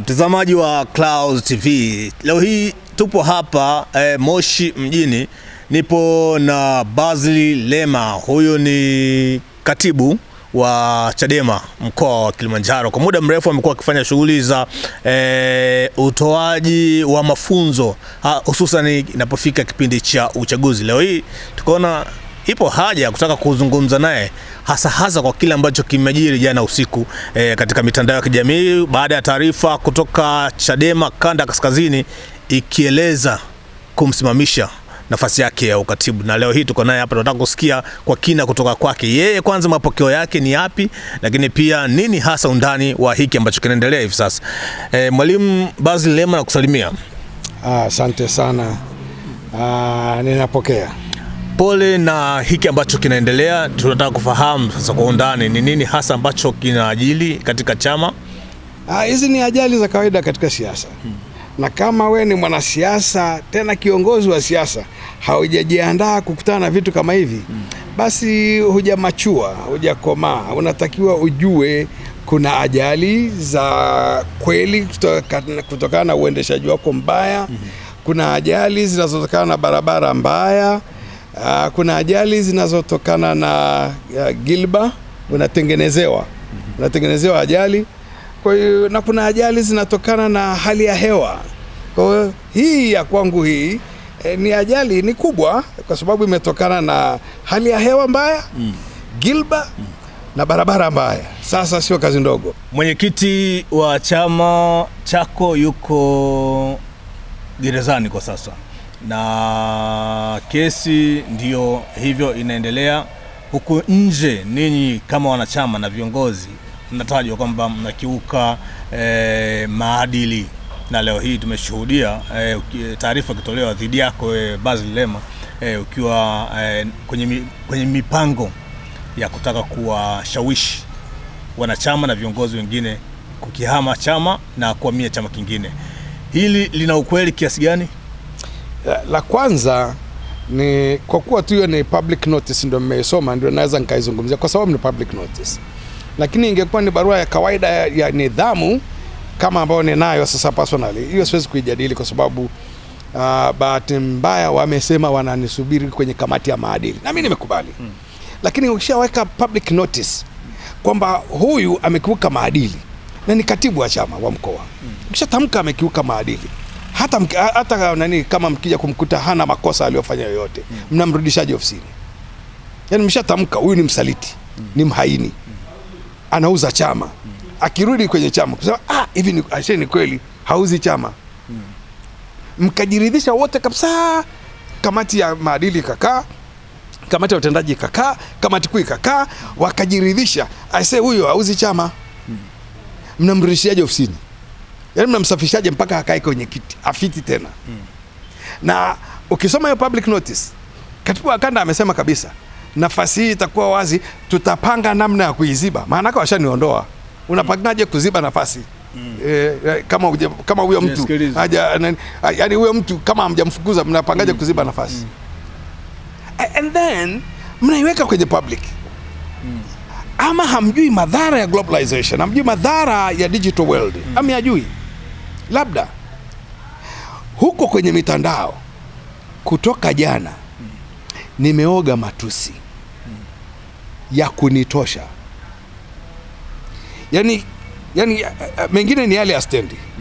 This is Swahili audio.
mtazamaji wa Clouds TV, leo hii tupo hapa eh, Moshi mjini. Nipo na Bazili Lema, huyu ni katibu wa Chadema mkoa wa Kilimanjaro. Kwa muda mrefu amekuwa akifanya shughuli za eh, utoaji wa mafunzo ah, hususan inapofika kipindi cha uchaguzi. Leo hii tukaona ipo haja ya kutaka kuzungumza naye hasa hasa kwa kile ambacho kimejiri jana usiku e, katika mitandao ya kijamii baada ya taarifa kutoka Chadema kanda kaskazini ikieleza kumsimamisha nafasi yake ya ukatibu, na leo hii tuko naye hapa, tunataka kusikia kwa kina kutoka kwake yeye, kwanza mapokeo yake ni yapi, lakini pia nini hasa undani wa hiki ambacho kinaendelea hivi sasa. E, Mwalimu Basil Lema nakusalimia. Ah, asante ah, sana ah, ninapokea pole na hiki ambacho kinaendelea. Tunataka kufahamu sasa kwa undani ni nini hasa ambacho kinaajili katika chama. Ah, hizi ni ajali za kawaida katika siasa hmm. Na kama we ni mwanasiasa tena kiongozi wa siasa haujajiandaa kukutana na vitu kama hivi hmm. Basi hujamachua, hujakomaa. Unatakiwa ujue kuna ajali za kweli kutokana kutoka na uendeshaji wako mbaya hmm. Kuna ajali zinazotokana na barabara mbaya Uh, kuna ajali zinazotokana na uh, gilba unatengenezewa unatengenezewa ajali. Kwa hiyo na kuna ajali zinatokana na hali ya hewa. Kwa hiyo hii ya kwangu hii eh, ni ajali ni kubwa kwa sababu imetokana na hali ya hewa mbaya mm. gilba mm. na barabara mbaya. Sasa sio kazi ndogo. Mwenyekiti wa chama chako yuko gerezani kwa sasa na kesi ndiyo hivyo inaendelea huku nje. Ninyi kama wanachama na viongozi mnatajwa kwamba mnakiuka e, maadili, na leo hii tumeshuhudia e, taarifa ikitolewa dhidi yako e, Basil Lema e, ukiwa e, kwenye, kwenye mipango ya kutaka kuwashawishi wanachama na viongozi wengine kukihama chama na kuhamia chama kingine. Hili lina ukweli kiasi gani? Eh, la kwanza ni kwa kuwa tu hiyo ni public notice, ndio mmeisoma, ndio naweza nikaizungumzia kwa sababu ni public notice, lakini ingekuwa ni barua ya kawaida ya, ya nidhamu kama ambayo ninayo sasa personally, hiyo siwezi kuijadili kwa sababu uh, bahati mbaya wamesema wananisubiri kwenye kamati ya maadili na mimi nimekubali hmm. Lakini ukishaweka public notice kwamba huyu amekiuka maadili na ni katibu wa chama wa mkoa, hmm. ukishatamka amekiuka maadili hata, hata nani kama mkija kumkuta hana makosa aliyofanya yoyote mm. mnamrudishaje ofisini? Yani mshatamka huyu ni msaliti mm. ni mhaini mm. anauza chama mm. akirudi kwenye chama kusema ah, hivi asheni ni kweli hauzi chama mm. mkajiridhisha wote kabisa, kamati ya maadili ikakaa kamati ya utendaji ikakaa, kamati kuu ikakaa, wakajiridhisha, aisee, huyo hauzi chama. Mm. Mnamrudishiaje ofisini? yaani mnamsafishaje mpaka akae kwenye kiti afiti tena mm. na ukisoma hiyo public notice katibu wa kanda amesema kabisa nafasi hii itakuwa wazi, tutapanga namna ya kuiziba. Maana yake washaniondoa, unapangaje kuziba nafasi mm. E, kama uja, kama huyo mtu haja yani yaani huyo mtu kama hamjamfukuza mnapangaje mm. kuziba nafasi mm. and then mnaiweka kwenye public mm. ama hamjui madhara ya globalization, hamjui madhara ya digital world mm. amyajui labda huko kwenye mitandao kutoka jana nimeoga matusi ya kunitosha yani, yani eh, eh, mengine ni yale ya stendi